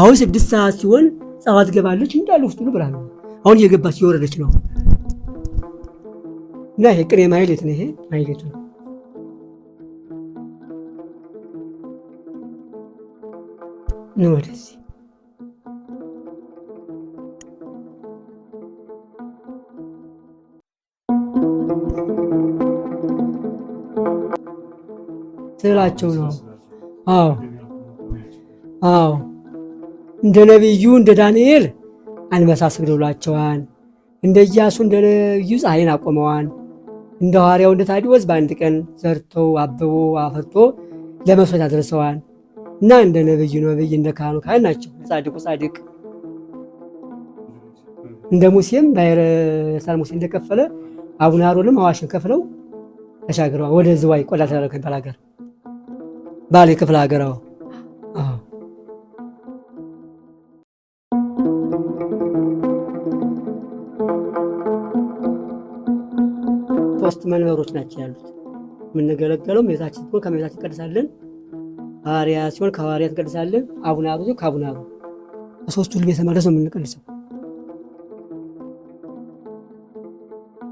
አሁን ስድስት ሰዓት ሲሆን ጸባ ትገባለች እንዳለ ውስጥ ነው ብርሃን አሁን እየገባች እየወረደች ነው። እና ይሄ ቅኔ ማይሌት ነው። ይሄ ማይሌቱ ነው። ወደዚህ ስላቸው ነው። አዎ አዎ እንደ ነቢዩ እንደ ዳንኤል አንበሳ ሰገደላቸዋል። እንደ ኢያሱ እንደ ነቢዩ ፀሐይን አቆመዋል። እንደ ሐዋርያው እንደ ታዲዎስ በአንድ ቀን ዘርቶ አብቦ አፍርቶ ለመስዋዕት አድርሰዋል እና እንደ ነቢዩ ነቢይ እንደ ካህኑ ካህን ናቸው። ጻድቁ ጻድቅ እንደ ሙሴም ባሕረ ኤርትራን ሙሴ እንደከፈለ አቡነ አሮንም አዋሽን ከፍለው ተሻግረዋል ወደ ዝዋይ ቆላ ተደረከ ይባል ሀገር ባሌ ክፍለ ሀገራው ሶስት መንበሮች ናቸው ያሉት። የምንገለገለው ቤታችን ሲሆን ከቤታችን እንቀድሳለን፣ ሐዋርያ ሲሆን ከሐዋርያ እንቀድሳለን፣ አቡነ አብሩ ሲሆን ከአቡነ አብሩ ከሶስቱ ቤተ መቅደስ ነው የምንቀድሰው።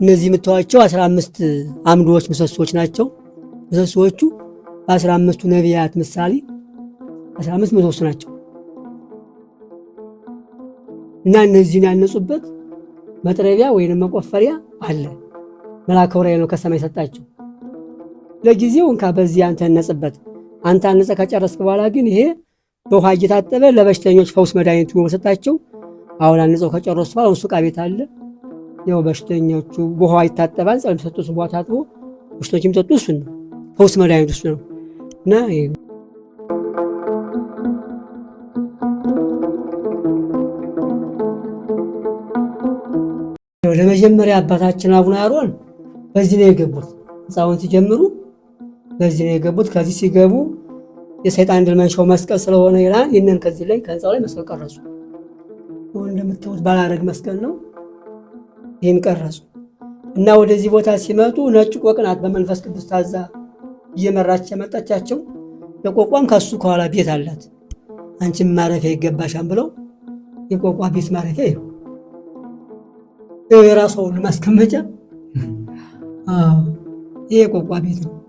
እነዚህ የምታዩቸው አስራ አምስት አምዶች ምሰሶዎች ናቸው። ምሰሶዎቹ በአስራ አምስቱ ነቢያት ምሳሌ አስራ አምስት ምሰሶ ናቸው። እና እነዚህን ያነጹበት መጥረቢያ ወይንም መቆፈሪያ አለ። መልአከ ዑራኤል ነው ከሰማይ ሰጣቸው። ለጊዜው እንካ በዚህ አንተ ነጽበት፣ አንተ አነጸ ከጨረስክ በኋላ ግን ይሄ በውሃ እየታጠበ ለበሽተኞች ፈውስ መድኃኒቱ ሰጣቸው። አሁን አንጸው ከጨረሱ በኋላ እሱ ዕቃ ቤት አለ። ያው በሽተኞቹ በውሃ ይታጠባል። ጸሎት ሰጡስ በኋላ ታጥቦ በሽተኞች የሚጠጡ እሱን ነው። ፈውስ መድኃኒቱ እሱ ነው እና ለመጀመሪያ አባታችን አቡነ አሮን በዚህ ነው የገቡት። ሕንፃውን ሲጀምሩ በዚህ ነው የገቡት። ከዚህ ሲገቡ የሰይጣን ድል መንሻው መስቀል ስለሆነ ይላል። ይህንን ከዚህ ላይ ከሕንፃው ላይ መስቀል ቀረጹ። እንደምታዩት ባላረግ መስቀል ነው። ይህን ቀረጹ እና ወደዚህ ቦታ ሲመጡ ነጭ ቆቅናት በመንፈስ ቅዱስ ታዛ እየመራች ያመጣቻቸው የቆቋም ከሱ ከኋላ ቤት አላት። አንቺም ማረፊያ ይገባሻል ብለው የቆቋ ቤት ማረፊያ ይኸው የራሷውን ማስቀመጫ ይሄ ቆቋ ቤት ነው።